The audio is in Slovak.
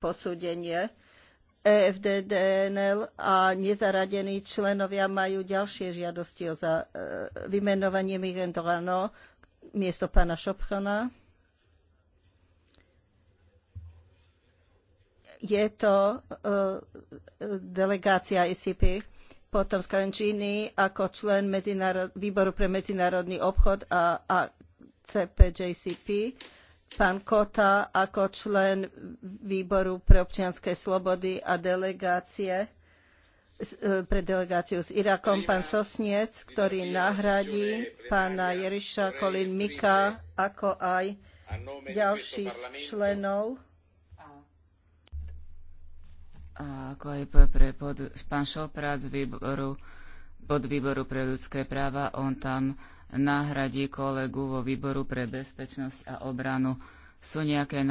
posúdenie. EFDDNL a nezaradení členovia majú ďalšie žiadosti o za, e, vymenovanie Migendorano miesto pána Šopchona. Je to e, delegácia ICP, potom Scarančini ako člen výboru pre medzinárodný obchod a, a CPJCP pán Kota ako člen výboru pre občianske slobody a delegácie e, pre delegáciu s Irakom, pán Sosniec, ktorý nahradí pána Jeriša Kolin Mika, ako aj ďalších členov. A ako aj pre pod, pán Šoprác z výboru pod výboru pre ľudské práva. On tam nahradí kolegu vo výboru pre bezpečnosť a obranu. Sú nejaké